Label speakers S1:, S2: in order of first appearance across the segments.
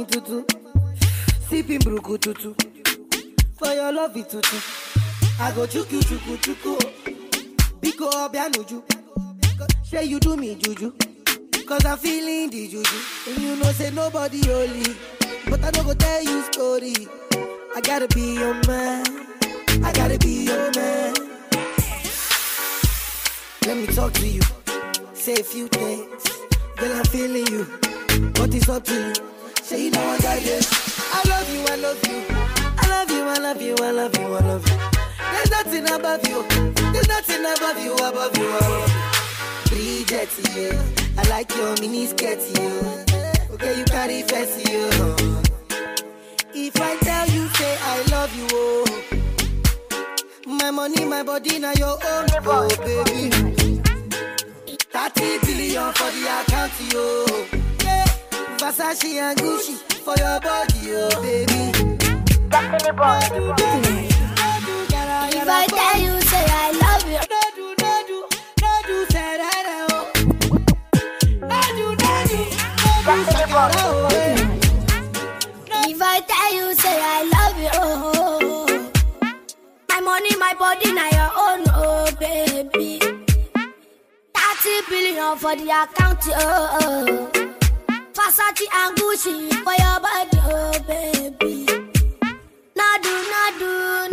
S1: money tutu. Sipping bruku tutu. For your love tutu. I go chuku chuku chuku. Biko obianuju. Say you do me juju. Cause I'm feeling the juju. And you know say nobody holy. But I don't go tell you story. I gotta be your man. I gotta be your man. Let me talk to you. Say a few things. Girl, I'm feeling you. What is up to you? So you know I got this. I love you, I love you. I love you, I love you, I love you, I love you. There's nothing above you. There's nothing above you, above you, above you. to you. I like your mini skirt, you. Okay, you carry fancy, you. If I tell you, say I love you, oh. My money, my body, now your own, oh baby. 30 billion for the account, yo. Versace and Gucci for your body, oh baby.
S2: Destiny boy. If I tell you, say I love you. No do, no do, oh. No do, no do, oh. Eh. If I tell you, say I love you, oh. oh, oh. My money, my body, now your own, oh baby. Thirty billion for the account, oh. oh. oh. Versace and Gucci for your body, oh baby. Nadu, nadu,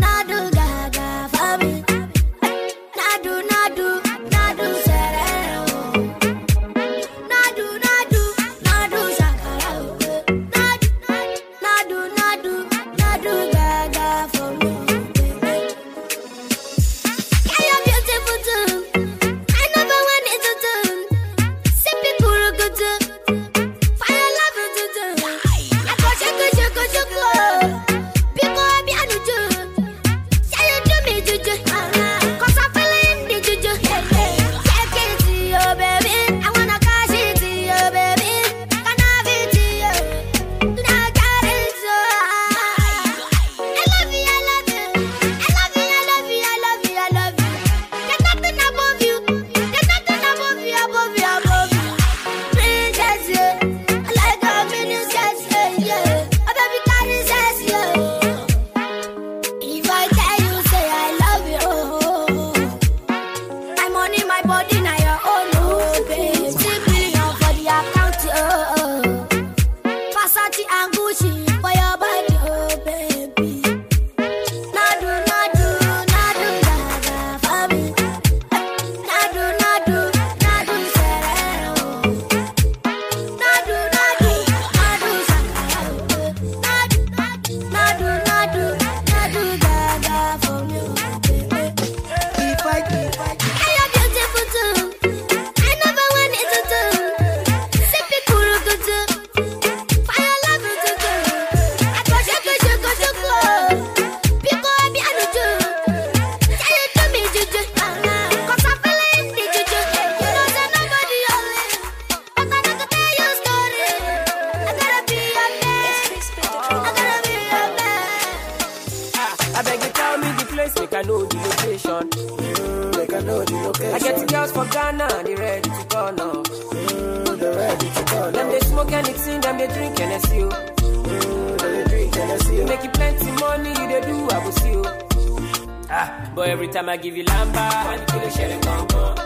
S3: I know the location. Mm, make I know the location. I get girls from Ghana, they ready to go now. Mm, they ready to go now. Them they smoke and in, them they drink and I see Mm, them they drink and I see You Make you plenty money, they do I will see you. Oh. Ah, but every time I give you lamba, I kill a shell and gong gong.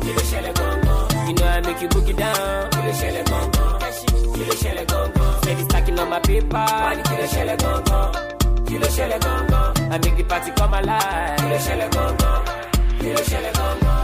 S3: Kill a shell and gong gong. You know I make you book it down. Kill a shell and gong gong. Kill a shell and gong gong. Steady stacking on my paper. Kill a shell and gong gong. Kill a shell and gong gong. I make the party come alive. Kí ló ṣẹlẹ̀ gangan?
S4: Kí ló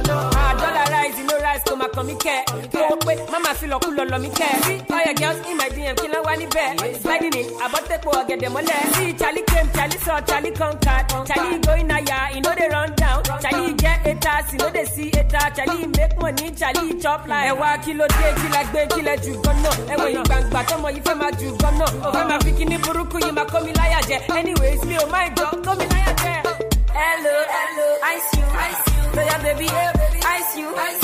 S3: Eyes in no rise, come and come me care. Go away, mama feel like cool on me care. See all your girls in my DM, kill and wani bear. Sliding in, I bought the poor, get them all there. See Charlie came, Charlie saw, Charlie conquered. Charlie going a ya, he know they run down. Charlie get haters, you know they see haters. Charlie make money, Charlie chop like. Ẹ̀wá kìlọ̀ dé kìlọ̀ gbé you jù gan-an. I ìgbàǹgbà tọmọ yìí fẹ́ máa jù gan-an. Òfẹ́ máa fi kíní burúkú yìí máa kó mi láyà jẹ. Anyways, mi ò máa jọ kó mi láyà jẹ. Hello, hello, ice you, ice
S5: you. Lọ́yà baby, ice you, ice you.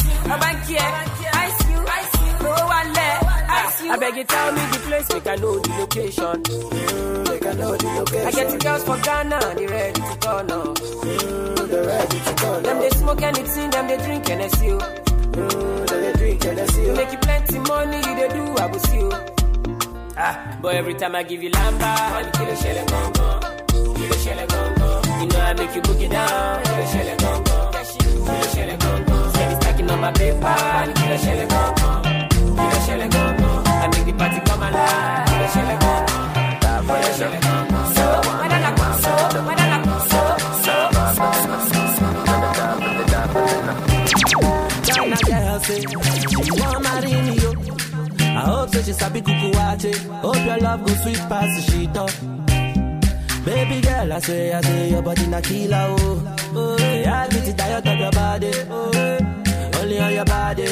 S3: I beg you tell me the place, make I know the location. make mm, I know the location. I get the girls for Ghana, they ready to turn up. Mm, they ready to turn up. Them they smoke and in them they drink NSU. Mm, them they drink You Make you plenty money, you they do I will see you. Ah, but every time I give you lamba, kill a shell and gong gong, kill a shell and gong gong. You know I make you boogie it down, kill a shell and gong gong, kill a shell and gong gong my big body, get a shell and go, go. a shell and go, I make the party come alive, get a shell and go, go. Get a shell and go, go. So, when I go, so, when I go, so, so, so, so,
S1: so, so. Ghana girl say, she want marry me, yo. I hope so she sabi kukuwache. Hope your love go sweet past the sheet up. Baby girl, I say, I say, your body na killer, oh. Oh, yeah, I'll be the diet of your body, oh. Only on your body.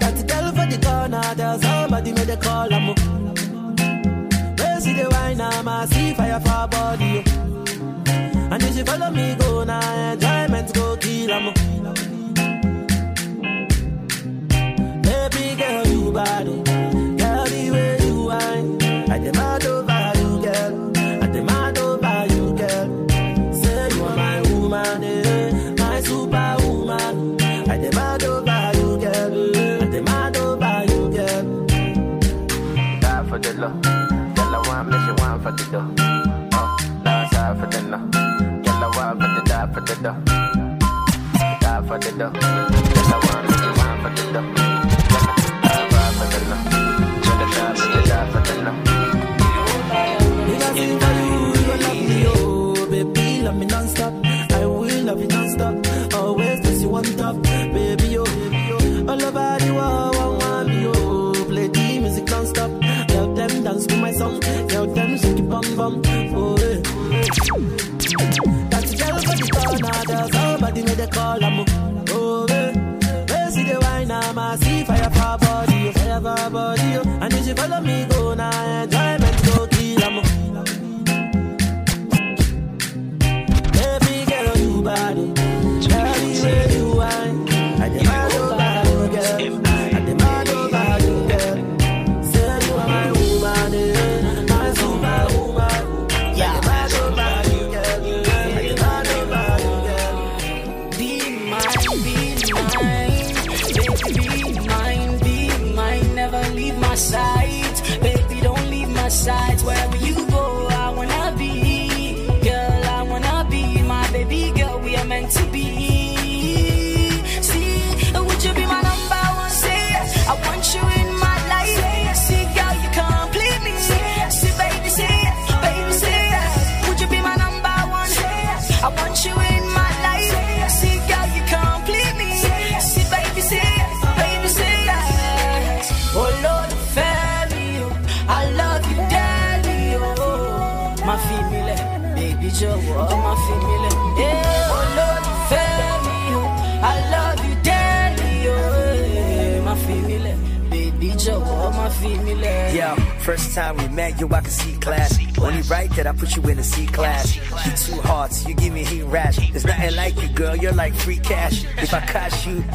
S1: That girl for the corner, there's somebody made a call. I'm Where the wine, I'm a see fire for body. And if you follow me, go now, enjoyment go kill. I'm Baby girl, you body. Oh. Girl, the way you wine. I demand over. I want you love me, oh baby, love me non-stop. I will love you non-stop. Always you on top. body, make they call a move. Oh, see eh. the wine, I'm a see fire for body, oh, fire for body. Oh. And if you follow me, go now, enjoyment, go kill a move. Baby girl, you body, everywhere you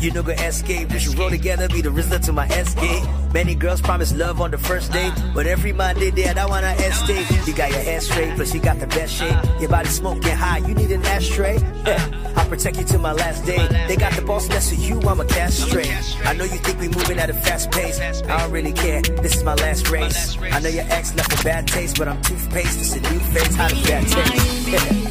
S1: You know go escape. We should roll together, be the rizzler to my SK. Many girls promise love on the first date, but every man did that. I wanna escape. You got your ass straight, plus you got the best shape. Your body smoking high, you need an ashtray. Yeah. I'll protect you to my last day. They got the boss next to you, I'm a castrate. I know you think we moving at a fast pace. I don't really care, this is my last race. I know your ex left a
S4: bad taste, but I'm toothpaste. It's a new face, how does that
S6: taste?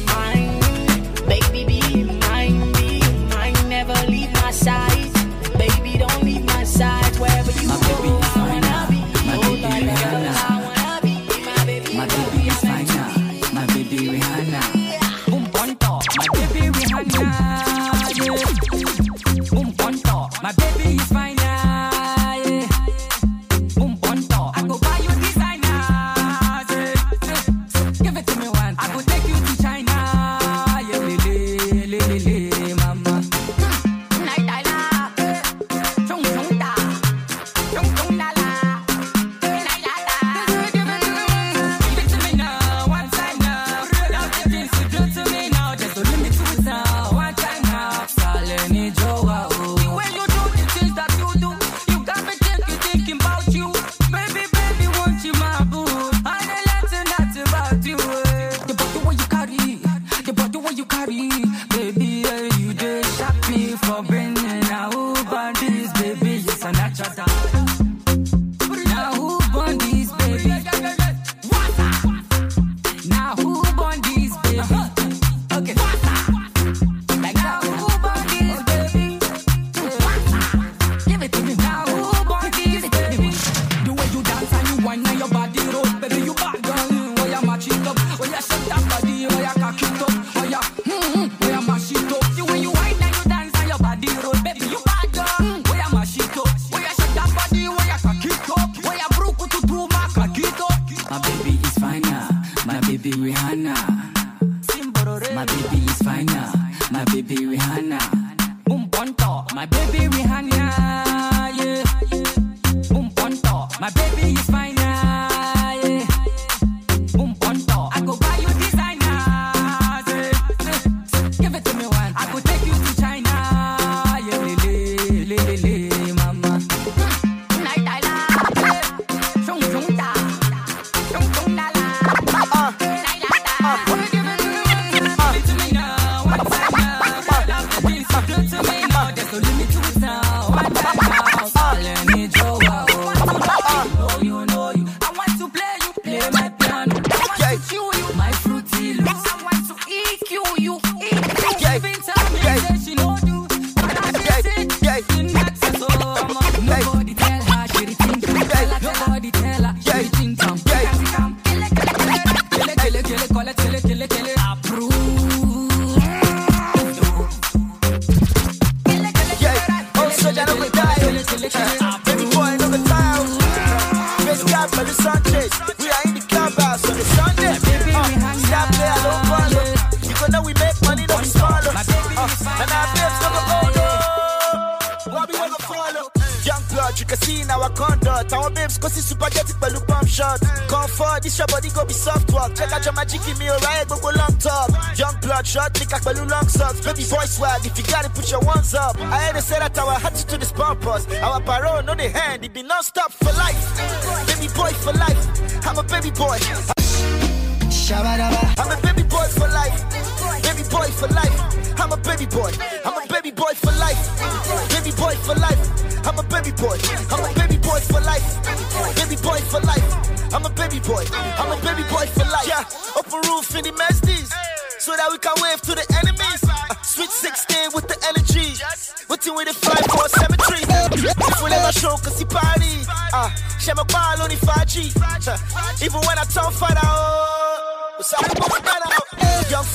S5: Un punto. My baby Rihanna.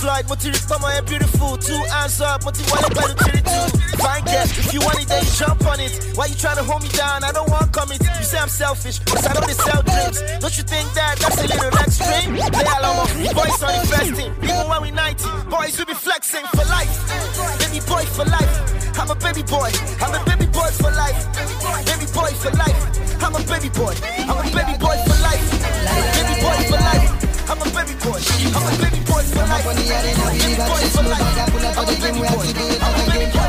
S1: Floyd, Muti Rick, Mama, and beautiful. Two hands up, Muti Wallet, by the cherry too. Fine girl, if you want it, then you jump on it. Why you trying to hold me down? I don't want commit. You say I'm selfish, cause I know they sell dreams. Don't you think that that's a little extreme? They Play along, boys on investing. Even when we 90, boys will be flexing for life. Baby boy for life. I'm a baby boy. I'm a baby boy for life. Baby boy for life. I'm a baby boy. I'm a baby boy for life. Baby boy for life. I'm a baby boy. I'm a baby boy for life. I'm a baby boy for life. I'm a baby boy. I'm a baby boy.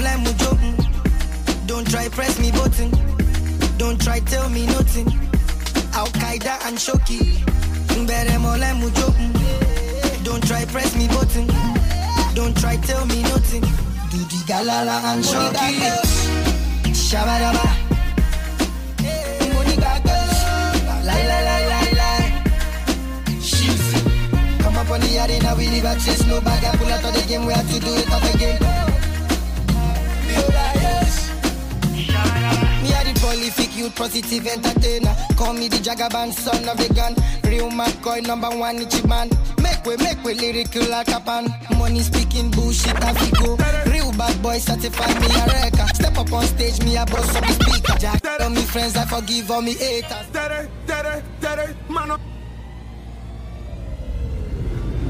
S1: Like mucho. Don't try press me button. Don't try tell me nothing. Al Qaeda and Shoki. Like mucho. Don't try press me button. Don't try tell me nothing. Do the galala and Shoki. Shabadaba. arena, we live at chase no bag. I pull out of the game, we have to do it all again. Me are oh, the prolific youth, positive entertainer. Call me the Jagaban, son of the gun. Real McCoy, number one Ichiban. Make way, make way, lyrical like a pan. Money speaking bullshit, I Africo. Real bad boy, certified me a wrecker. Step up on stage, me a boss of the speaker. Jack, all me friends, I forgive all me haters. Daddy, daddy, daddy, man up.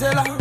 S1: seller.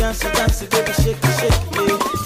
S1: dance, dance, baby, shake, shake, yeah.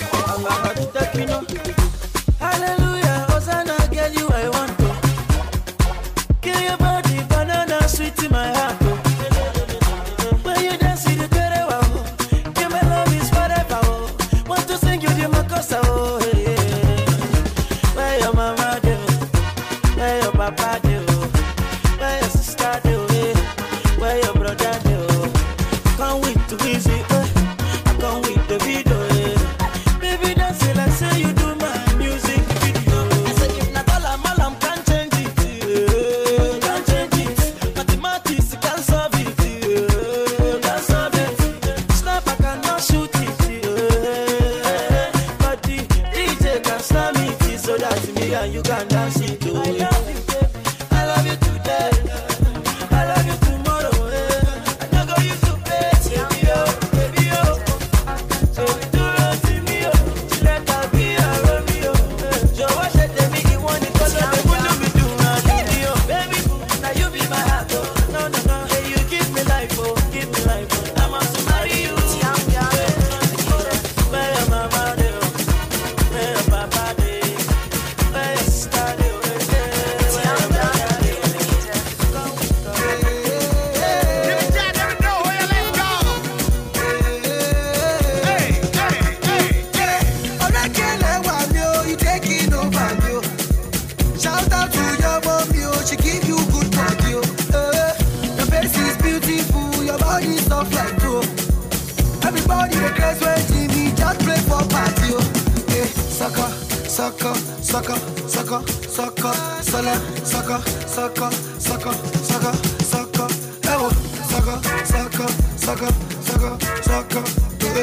S1: Sucker, sucker, sucker, sucker, sucker, Evo, Sucker, sucker, sucker, sucker, sucker, Do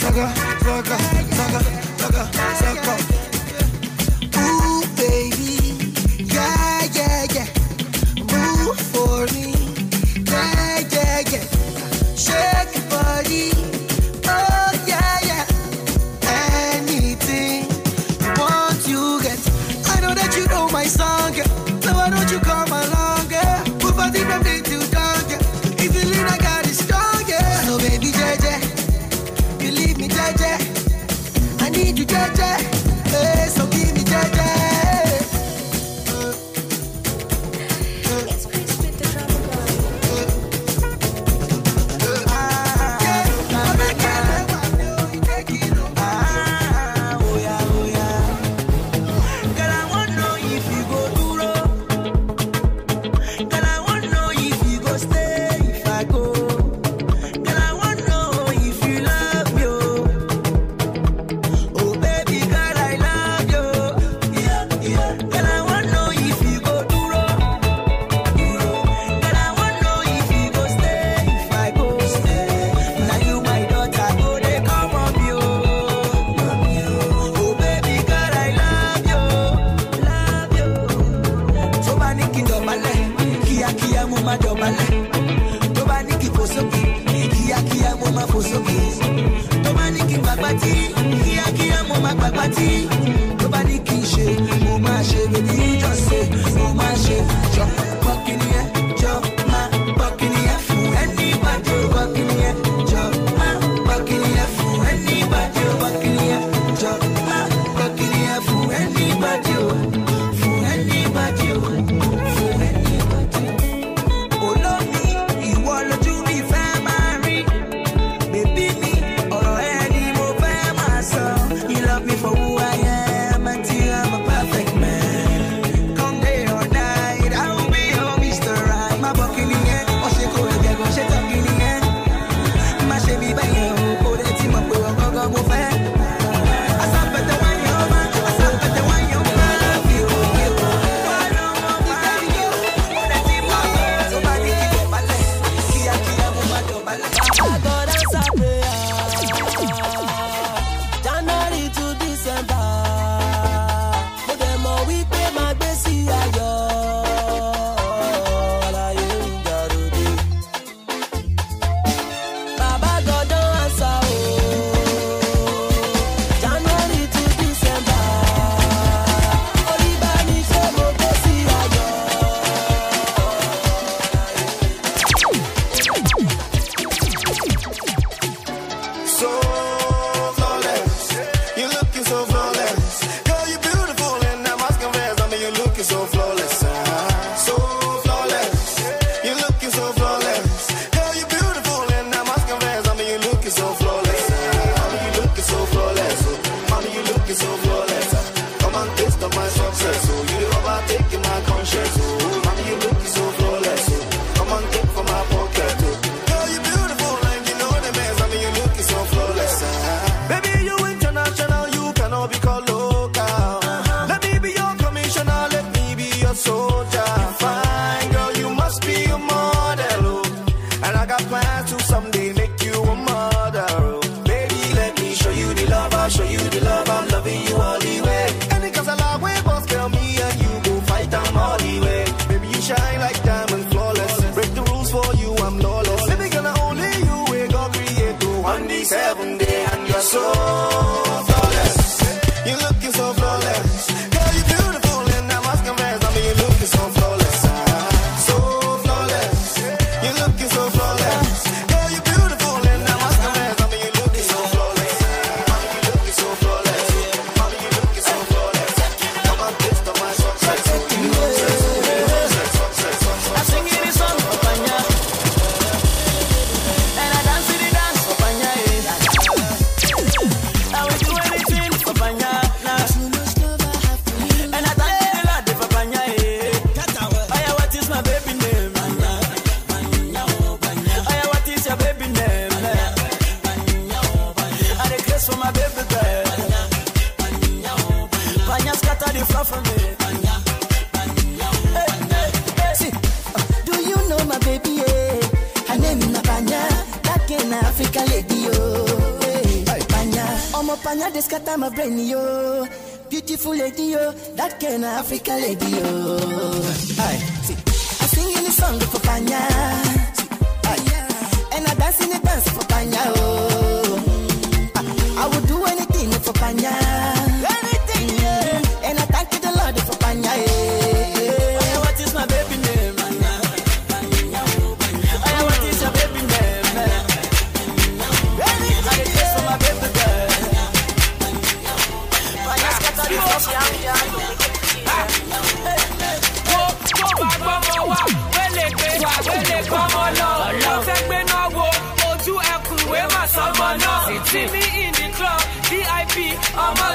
S1: Sucker, sucker, sucker, sucker. saka, saka. Ooh, baby, yeah, yeah, yeah. Move for me.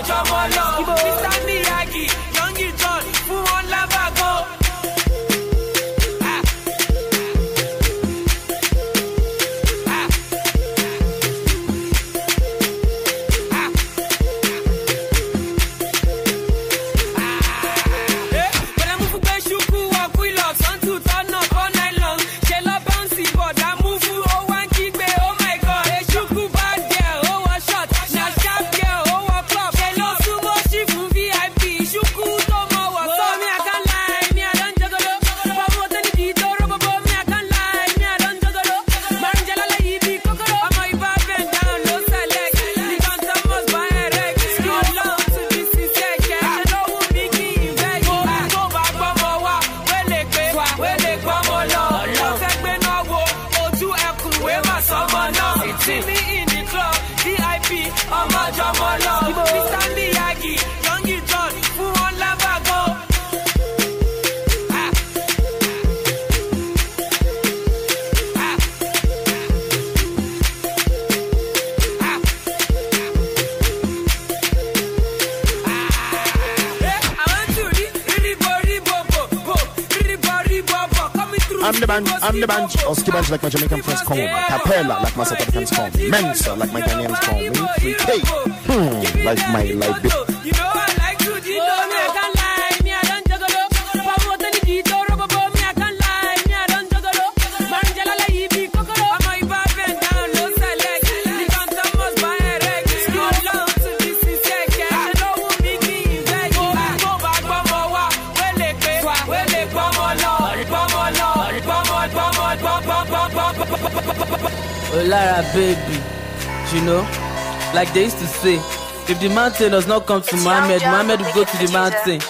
S3: Jawala. Keep up,
S1: the bench. Oski bench like my Jamaican friends call me. Capella like my South Africans call me. Mensa like my Ghanaians call me. free k hmm, like my Liberian
S6: Lara baby, you know, like they used to say, if the mountain does not come to Muhammad, Muhammad will go to the mountain.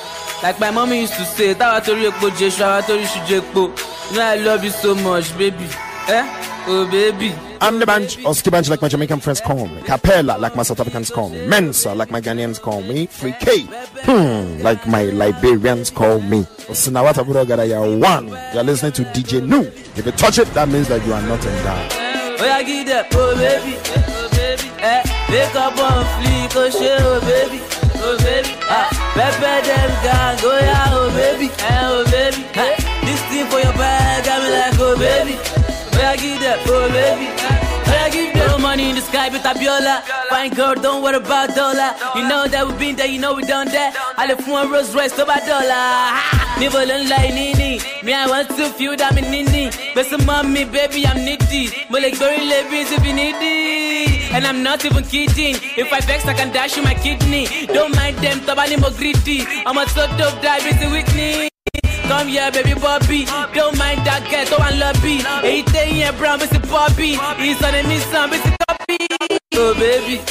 S6: Like my mommy used to say, Tawatori Ekpo Jeshu, Tawatori Shujekpo. You know I love you so much, baby. Eh? Oh baby. I'm the bunch
S1: or oh, ski bunch like my Jamaican friends call me. Capella like my South Africans call me. Mensa
S6: like my Ghanaians call me. Free K hmm, like my Liberians call me. Sinawata Buragara, you're one. You're listening to DJ New. If you touch it, that means that you are not in endowed. Oh yeah, give that, oh baby, oh baby. Eh, wake up on fleek, oh shit, oh baby, oh baby. Ah, pepper them gang, oh yeah, oh baby, eh, oh baby. Eh, this thing for your bag, got me like, oh baby. Oh yeah, give that, oh baby. No money in the sky, but I biola. Fine girl, don't worry about dollar. You know that we been there, you know we done that. I left one Rolls Royce, to my dollar. Me and like nini. Me I want to feel that me nini. But some mommy, baby, I'm needy. But like very ladies if you needy. And I'm not even kidding. If I vex, I can dash you my kidney. Don't mind them, tabani more greedy. I'm a sort of dive is Whitney. Come here, baby Bobby. Don't mind that guy, so I love me. Eight, ten, yeah, brown, Mr. Bobby. He's on a miss, Mr. Copy. Oh, baby.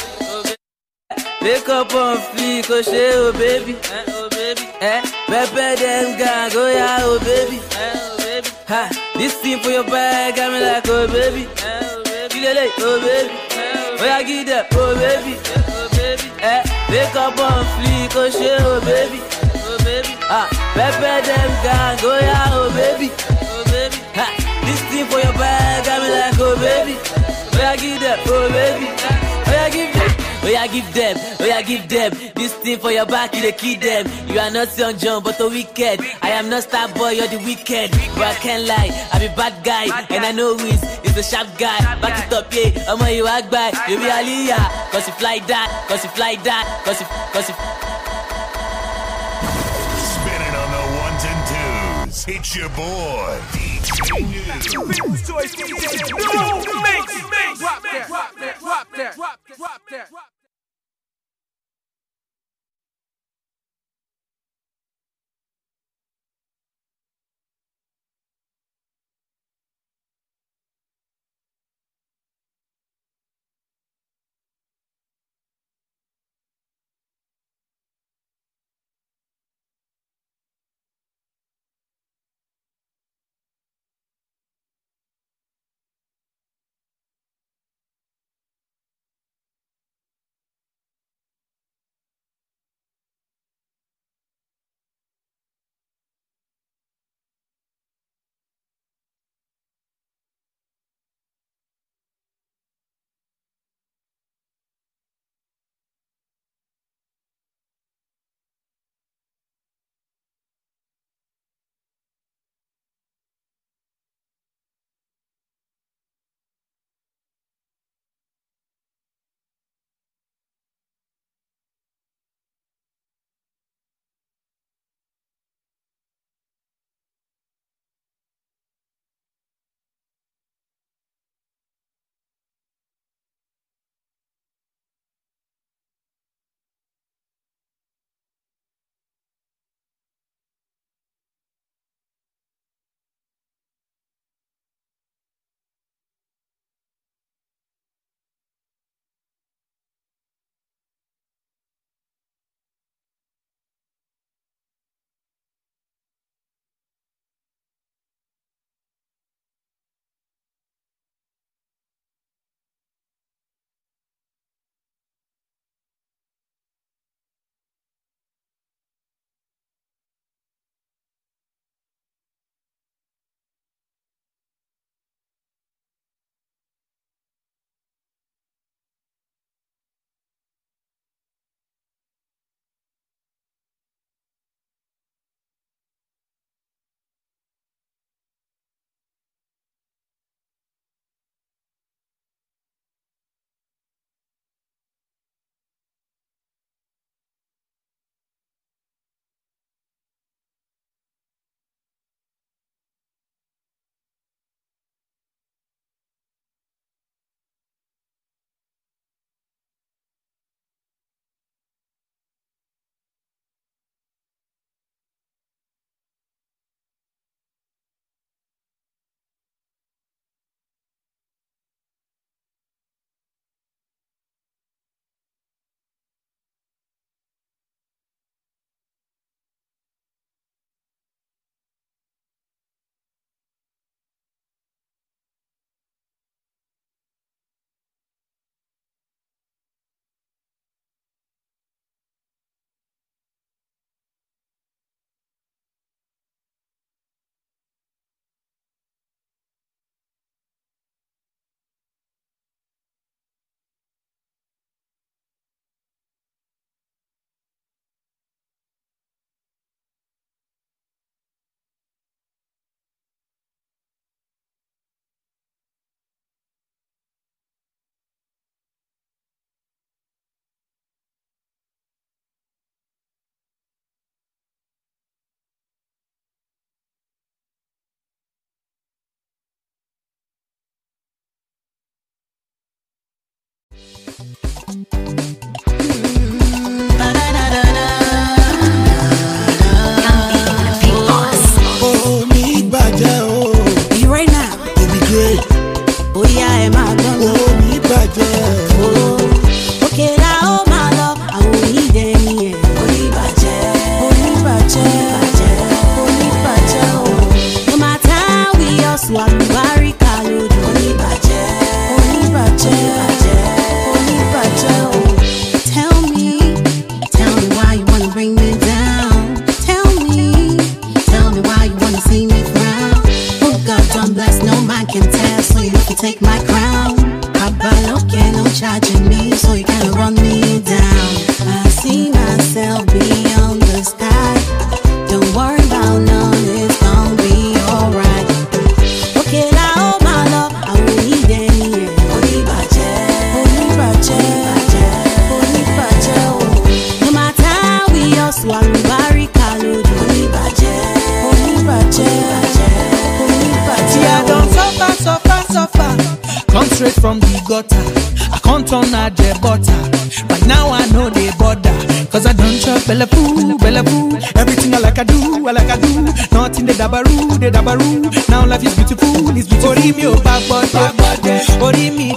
S6: Wake up on flee, go share, oh baby. Eh, oh baby. Eh, pepper them gang, go yeah, oh baby. Eh, oh baby. Ha, this thing for your bag, got me like, oh baby. Eh, oh baby. Lele, oh baby. oh baby. give that, oh baby. Eh, oh baby. Eh, wake up on flee, go share, oh baby. Oh baby. Ah, pepper them gang, go yeah, oh baby. Oh baby. Ha, this thing for your bag, got me like, oh baby. Oh yeah, give that, oh baby yeah, give them, oh yeah, give them. This thing for your back, you the key them. You are not young John, but a wicked. I am not star boy, you're the wicked. But I can't lie, I be bad guy, and I know wins. It's a sharp guy, back it up, yeah. I'm on you walk by, you be Aliyah. Cause you fly that, cause you fly that, cause you, cause you.
S1: Spinning on the ones and
S4: twos. It's your boy. People's choice
S6: DJ. No,
S4: mix, mix, drop that, drop that, drop that,
S3: drop that.
S1: straight from the gutter. I can't turn a jet butter. But now I know they bother. Cause I don't chop bella poo, bella poo. Everything I like I do, I like I do. Nothing the dabaroo, the dabaroo. Now life is beautiful, it's beautiful. Ori mi o bad babode. Ori mi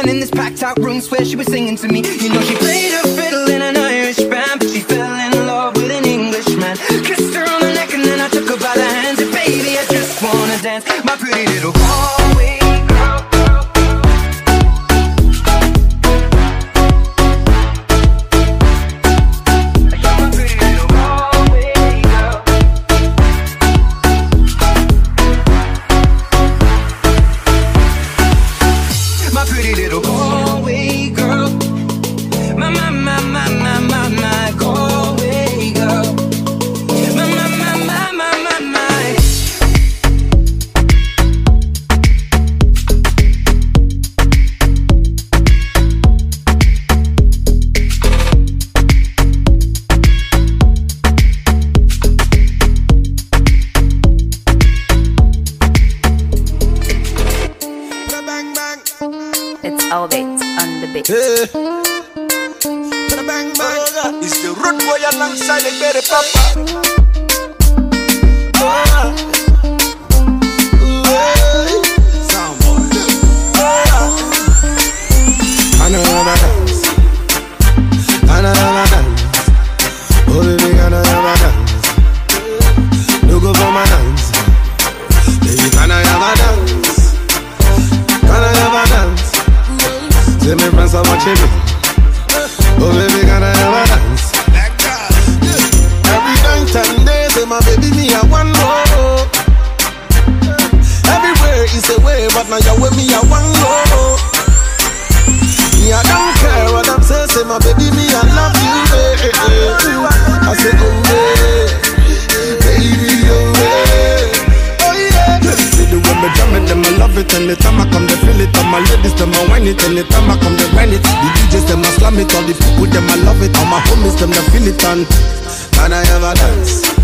S1: And in this packed out room, swear she was singing to me You know she played now you with me I want go. Me I don't care what them say, say my baby me I love you. baby. I say oh yeah, baby oh yeah, oh yeah. See me jam it, them I love it. Anytime I come, they feel it. All my ladies, them I win it. Anytime I come, they win it. The DJs, them I slam it. All the people, them I love it. All my homies, them they feel it. And can I ever dance?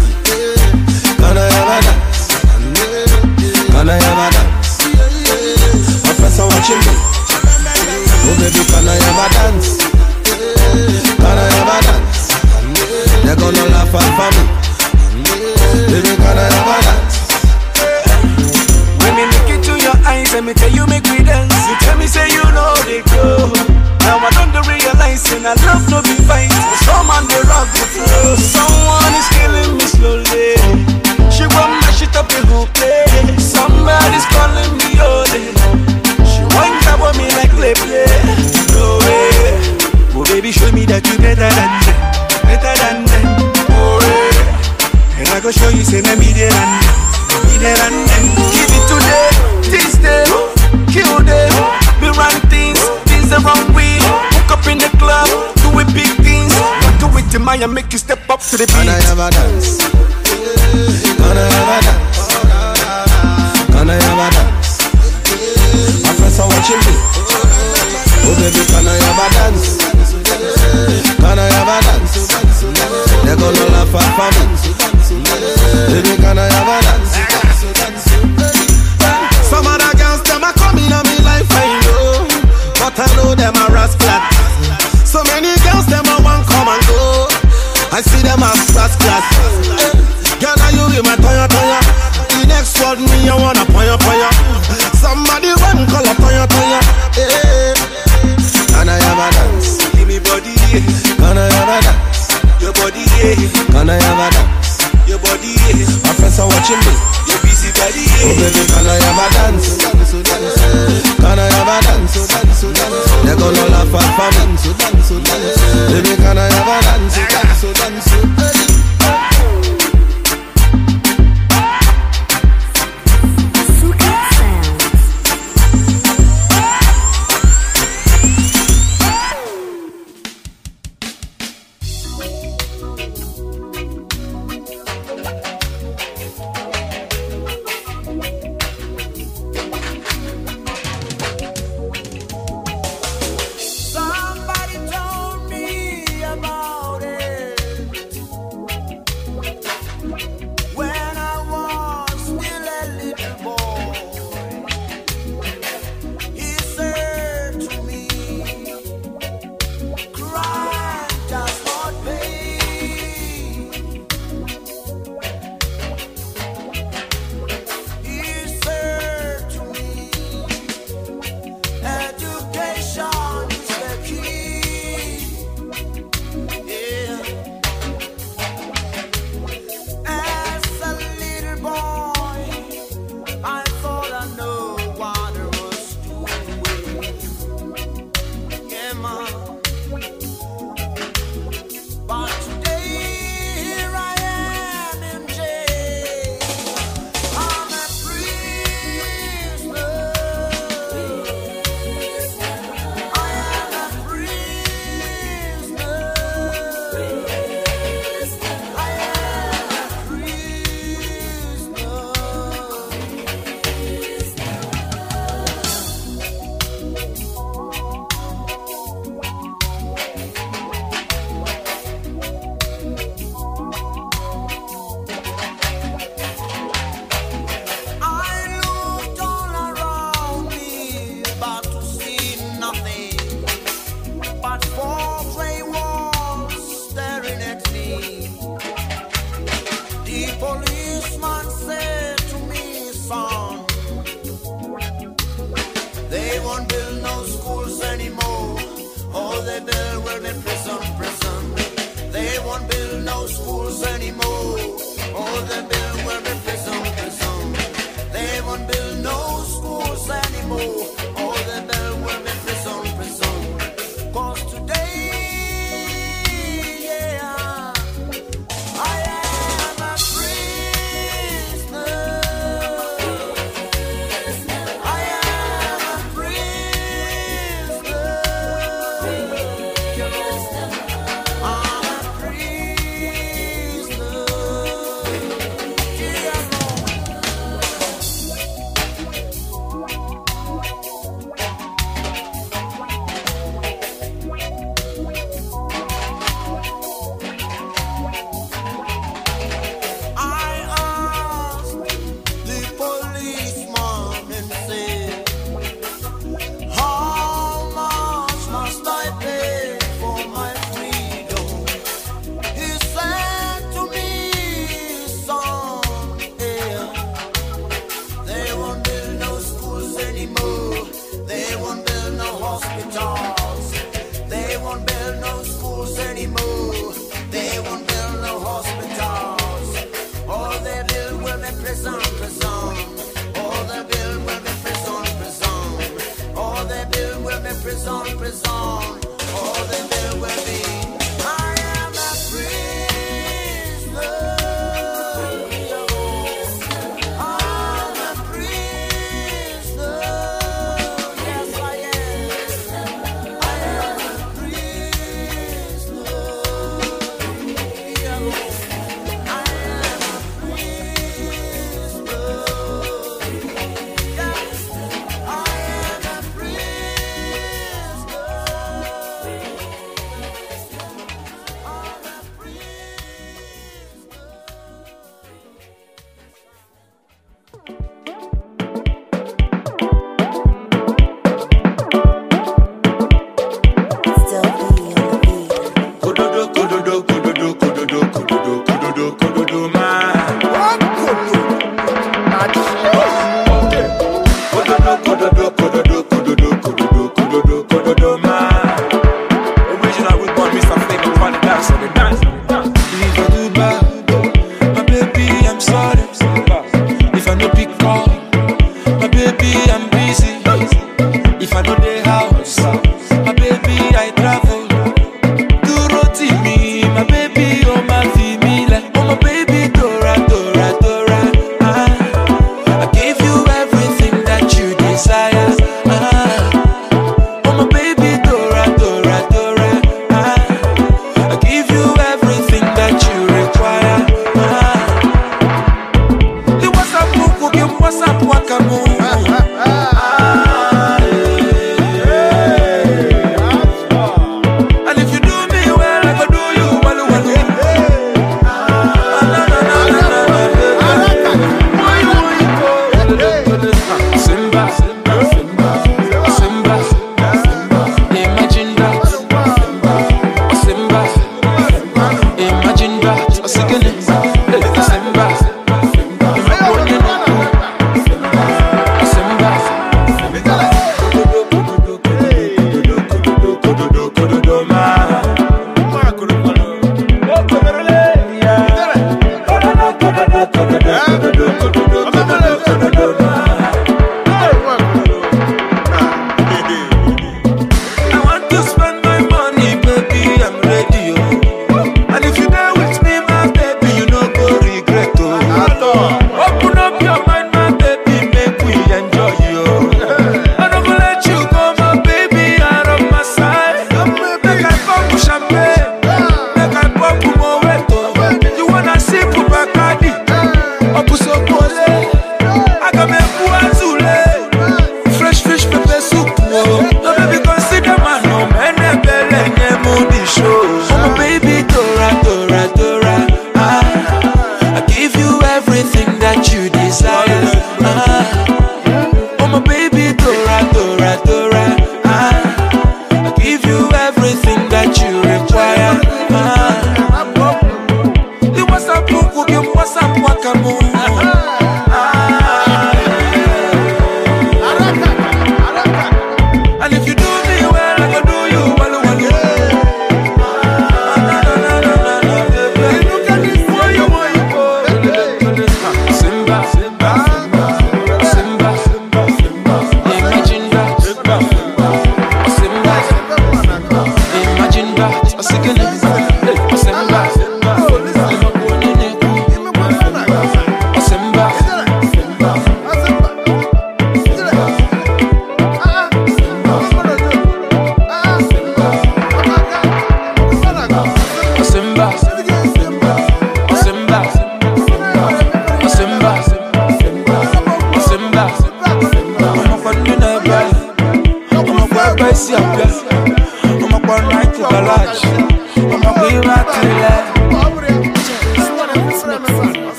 S1: I see them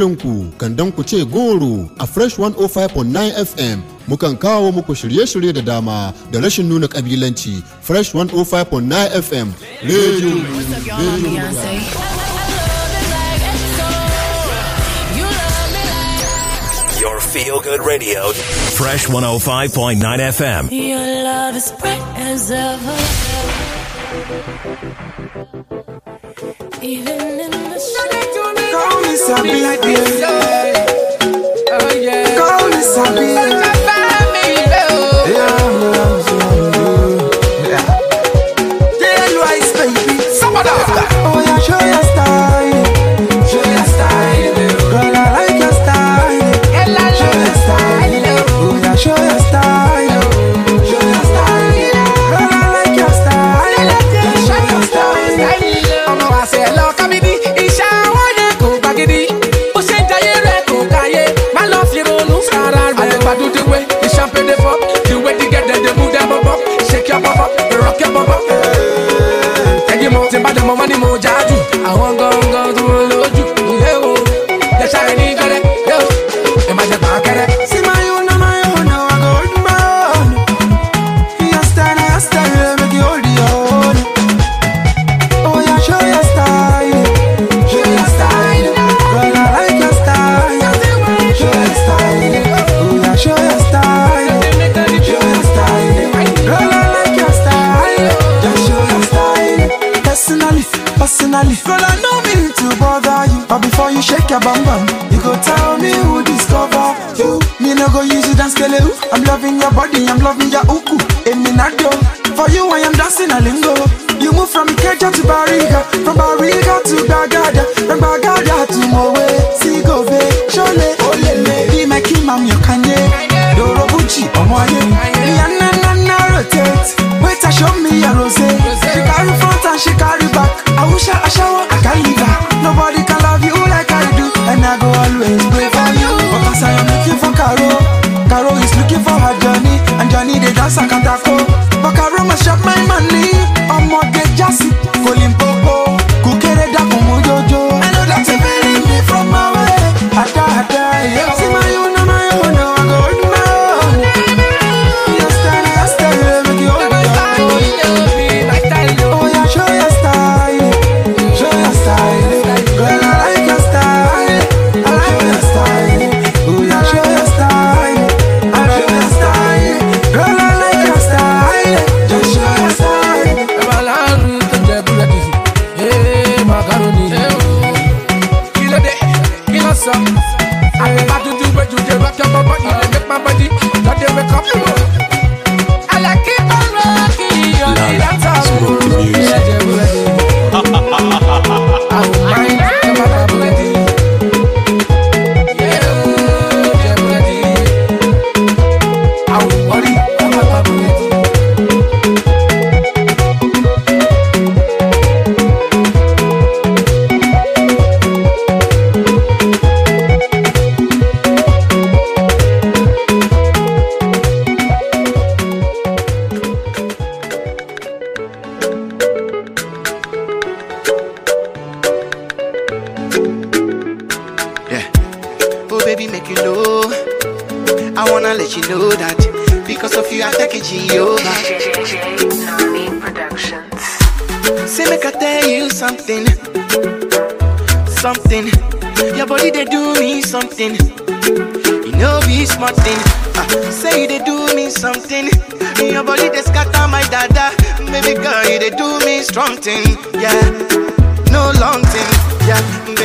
S6: ku kandan ku ce goro a fresh 105.9 fm mukan kawo muku shirye-shirye da dama da rashin nuna kabilanci fresh 105.9 fm
S1: Your feel good radio,
S4: Fresh 105.9 FM. Your love is bright as ever. Even in the shade. I be like this.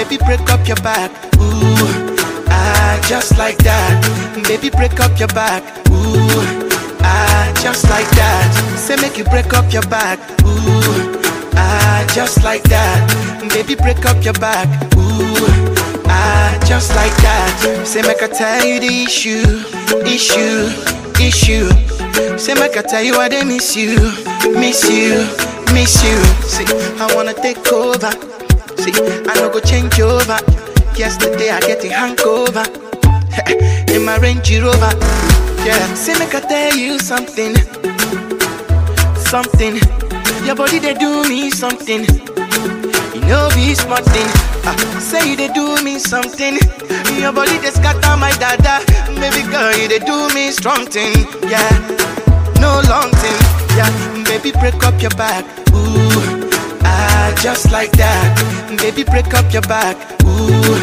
S1: Baby, break up your back. Ooh, ah, just like that. Baby, break up your back. Ooh, ah, just like that. Say, make you break up your back. Ooh, ah, just like that. Baby, break up your back. Ooh ah, just like that. Say, make I tell you the issue, issue, issue. Say, make I tell you I they miss you, miss you, miss you. See, I wanna take over. I no go change over. Yesterday I get a hangover. In my Range Rover. Yeah, see me can tell you something. Something. Your body they do me something. You know be smart thing. Uh, say you they do me something. Your body they scatter my dada. Baby girl, you they do me strong thing. Yeah, no long thing. Yeah, baby break up your back. Ooh ah, just like that. Baby, break up your back, ooh,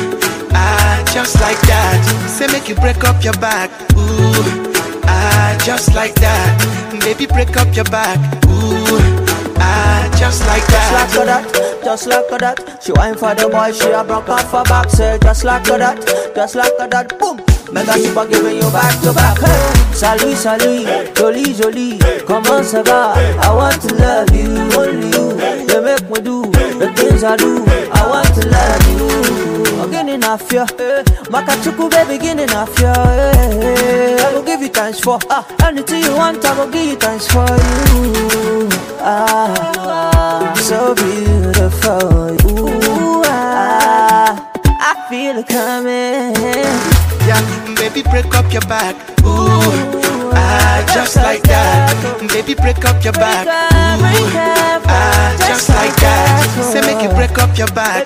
S1: ah, just like that. Say, make you break up your back, ooh, ah, just like that. Baby, break up your back, ooh. Ah, just like that. Just like that, just like that. She wine for the boy, she a broke off her back. Say just like that, just like that. Boom. Mega super giving you back to back. Hey, salut, salut, jolie, jolie. Comment ça va? I want to love you, only you. They make me do the things I do. I want to love you. Again in a Makachuku baby, again in a I will give you thanks for uh, anything you want. I will give you thanks for
S4: you. Ah, so beautiful. Ooh, ah, I feel it coming. Yeah,
S1: baby, break up your back. Ooh, ah, just like that. Baby, break up your back. Ooh just like that. Say make you break up your back.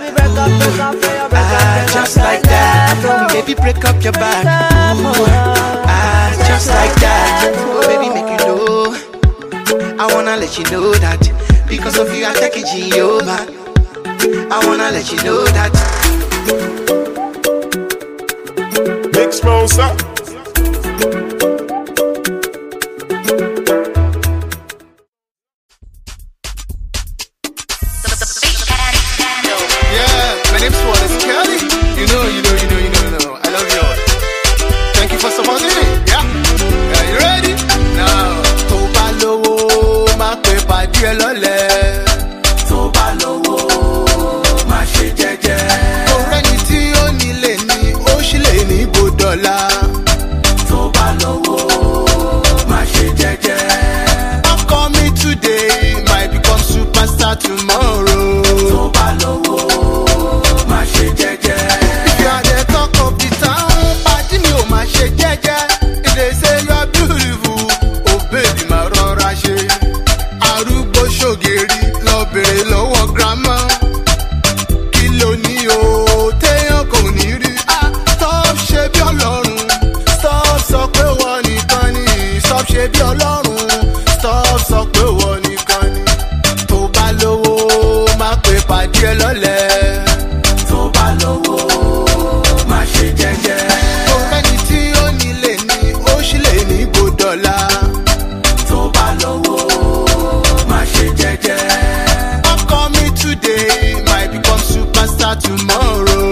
S1: Ah, just like that. Baby, break up your back. Ah, just like that. Oh, baby, make you know. I wanna let you know that because of you, I take it over. I wanna let you know that. Mix Smosa. tomorrow.